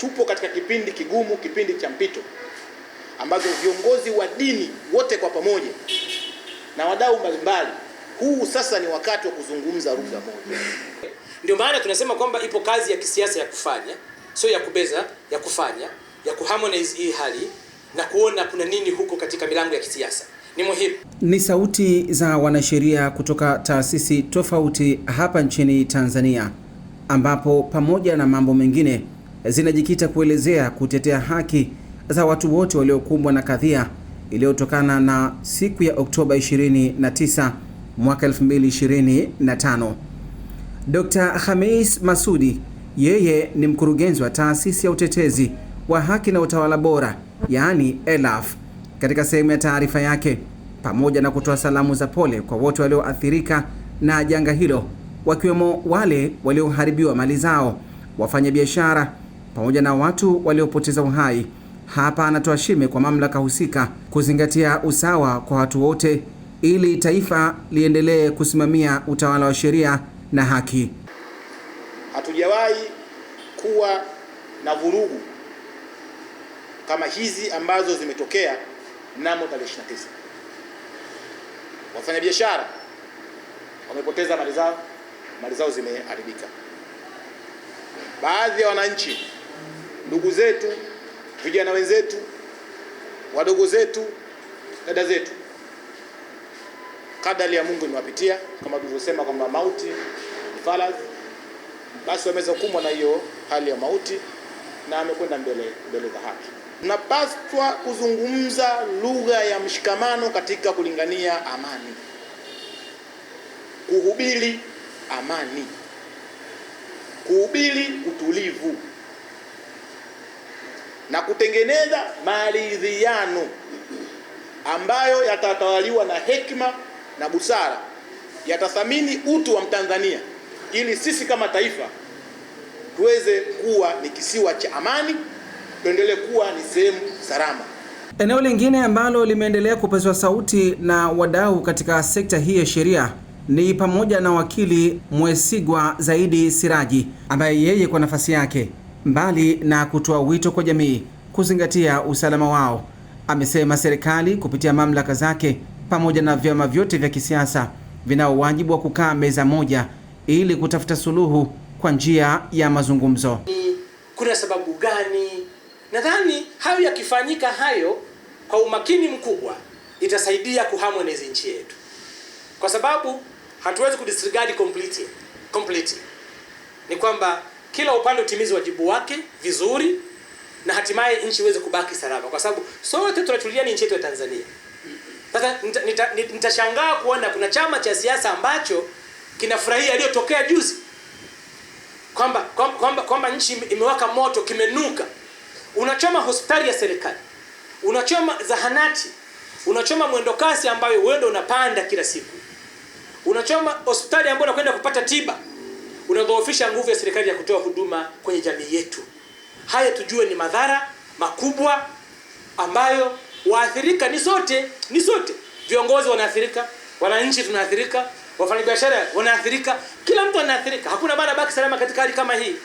Tupo katika kipindi kigumu, kipindi cha mpito ambazo viongozi wa dini wote kwa pamoja na wadau mbalimbali, huu sasa ni wakati wa kuzungumza lugha moja. Ndio maana tunasema kwamba ipo kazi ya kisiasa ya kufanya, sio ya kubeza, ya kufanya ya kuharmonize hii hali na kuona kuna nini huko katika milango ya kisiasa ni muhimu. Ni sauti za wanasheria kutoka taasisi tofauti hapa nchini Tanzania, ambapo pamoja na mambo mengine zinajikita kuelezea kutetea haki za watu wote waliokumbwa na kadhia iliyotokana na siku ya Oktoba 29 mwaka 2025. Dr. Khamis Masudi yeye ni mkurugenzi wa taasisi ya utetezi wa haki na utawala bora yaani ELAF. Katika sehemu ya taarifa yake, pamoja na kutoa salamu za pole kwa wote walioathirika na janga hilo, wakiwemo wale walioharibiwa mali zao, wafanyabiashara pamoja na watu waliopoteza uhai. Hapa anatoa shime kwa mamlaka husika kuzingatia usawa kwa watu wote ili taifa liendelee kusimamia utawala wa sheria na haki. Hatujawahi kuwa na vurugu kama hizi ambazo zimetokea mnamo tarehe 29. Wafanyabiashara wamepoteza mali zao, mali zao zimeharibika. Baadhi ya wananchi ndugu zetu, vijana wenzetu, wadogo zetu, dada zetu, kadari ya Mungu imewapitia kama tulivyosema kwamba mauti faradhi, basi wameweza kukumbwa na hiyo hali ya mauti na amekwenda mbele mbele za haki. Tunapaswa kuzungumza lugha ya mshikamano katika kulingania amani, kuhubiri amani, kuhubiri utulivu na kutengeneza maridhiano ambayo yatatawaliwa na hekima na busara, yatathamini utu wa Mtanzania ili sisi kama taifa tuweze kuwa ni kisiwa cha amani, tuendelee kuwa ni sehemu salama. Eneo lingine ambalo limeendelea kupezwa sauti na wadau katika sekta hii ya sheria ni pamoja na wakili Mwesigwa Zaidi Siraji ambaye yeye kwa nafasi yake mbali na kutoa wito kwa jamii kuzingatia usalama wao. Amesema serikali kupitia mamlaka zake pamoja na vyama vyote vya kisiasa vinao wajibu wa kukaa meza moja ili kutafuta suluhu kwa njia ya mazungumzo. Kuna sababu gani? Nadhani hayo yakifanyika hayo kwa umakini mkubwa itasaidia kuharmonize nchi yetu, kwa sababu hatuwezi kudisregard completely. Completely. Ni kwamba kila upande utimizi wajibu wake vizuri na hatimaye nchi iweze kubaki salama, kwa sababu sote tunachulia ni nchi yetu ya Tanzania. Sasa nitashangaa nita, nita kuona kuna chama cha siasa ambacho kinafurahia aliyotokea juzi kwamba kwamba kwamba nchi imewaka moto, kimenuka. Unachoma hospitali ya serikali, unachoma zahanati, unachoma mwendokasi ambayo wewe ndio unapanda kila siku, unachoma hospitali ambayo unakwenda kupata tiba unadhoofisha nguvu ya serikali ya kutoa huduma kwenye jamii yetu. Haya tujue ni madhara makubwa ambayo waathirika ni sote, ni sote. Viongozi wanaathirika, wananchi tunaathirika, wafanyabiashara wanaathirika, kila mtu anaathirika. Hakuna bana baki salama katika hali kama hii.